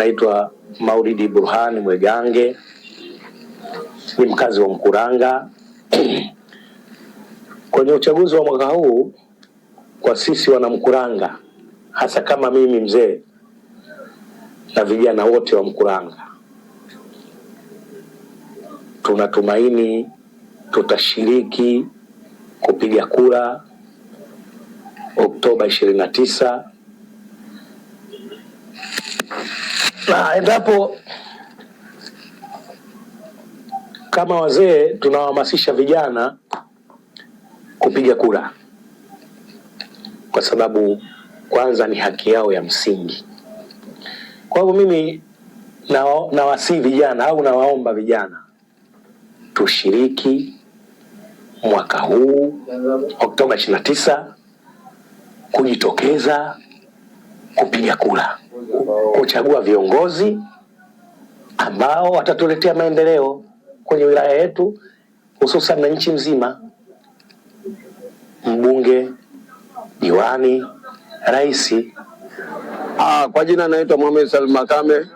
naitwa Maulidi Burhani Mwegange, ni mkazi wa Mkuranga. Kwenye uchaguzi wa mwaka huu, kwa sisi wanamkuranga, hasa kama mimi mzee na vijana wote wa Mkuranga, tunatumaini tutashiriki kupiga kura Oktoba 29 na endapo kama wazee tunawahamasisha vijana kupiga kura, kwa sababu kwanza ni haki yao ya msingi. Kwa hivyo mimi nawasii na vijana au nawaomba vijana tushiriki mwaka huu Oktoba 29 kujitokeza kupiga kura, kuchagua viongozi ambao watatuletea maendeleo kwenye wilaya yetu hususan na nchi nzima. Mbunge, diwani, rais. Ah, kwa jina naitwa Mohamed Salim Makame.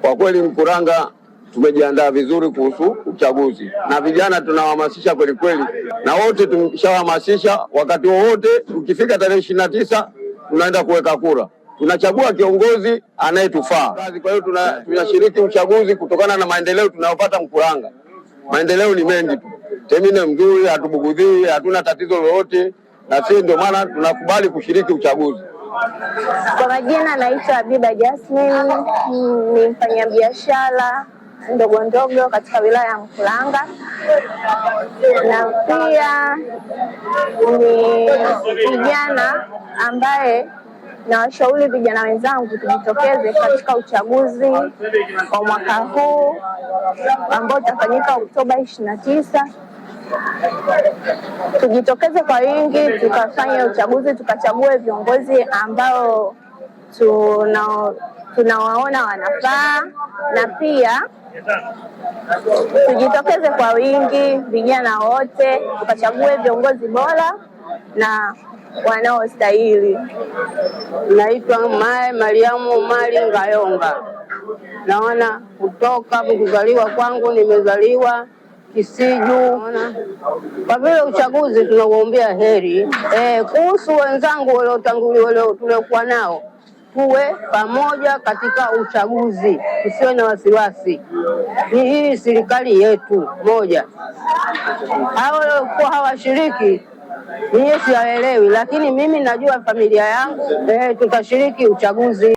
Kwa kweli Mkuranga tumejiandaa vizuri kuhusu uchaguzi na vijana tunawahamasisha kweli kweli, na wote tumeshawahamasisha. Wakati wowote ukifika tarehe ishirini na tisa tunaenda kuweka kura tunachagua kiongozi anayetufaa. Kwa hiyo tunashiriki uchaguzi kutokana na maendeleo tunayopata Mkuranga. Maendeleo ni mengi tu, Temine mzuri, hatubugudhii, hatuna tatizo lolote, na si ndio maana tunakubali kushiriki uchaguzi. Kwa majina naitwa Abiba Jasmine, ni mfanyabiashara ndogo ndogo katika wilaya ya Mkuranga na pia ni kijana ambaye washauri vijana wenzangu tujitokeze katika uchaguzi wa mwaka huu ambao utafanyika Oktoba ishirini na tisa. Tujitokeze kwa wingi tukafanye uchaguzi tukachague viongozi ambao tuna tunawaona wanafaa, na pia tujitokeze kwa wingi vijana wote tukachague viongozi bora na wanaostahili. Naitwa Mae Mariamu Mali Ngayonga. Naona kutoka kuzaliwa kwangu, nimezaliwa Kisiju. Kwa vile uchaguzi tunauombea heri. E, kuhusu wenzangu waliotangulia tuliokuwa nao tuwe pamoja katika uchaguzi, tusiwe na wasiwasi. Ni hii serikali yetu moja, hao waliokuwa hawashiriki mimi siyaelewi, lakini mimi najua familia yangu eh, tutashiriki uchaguzi.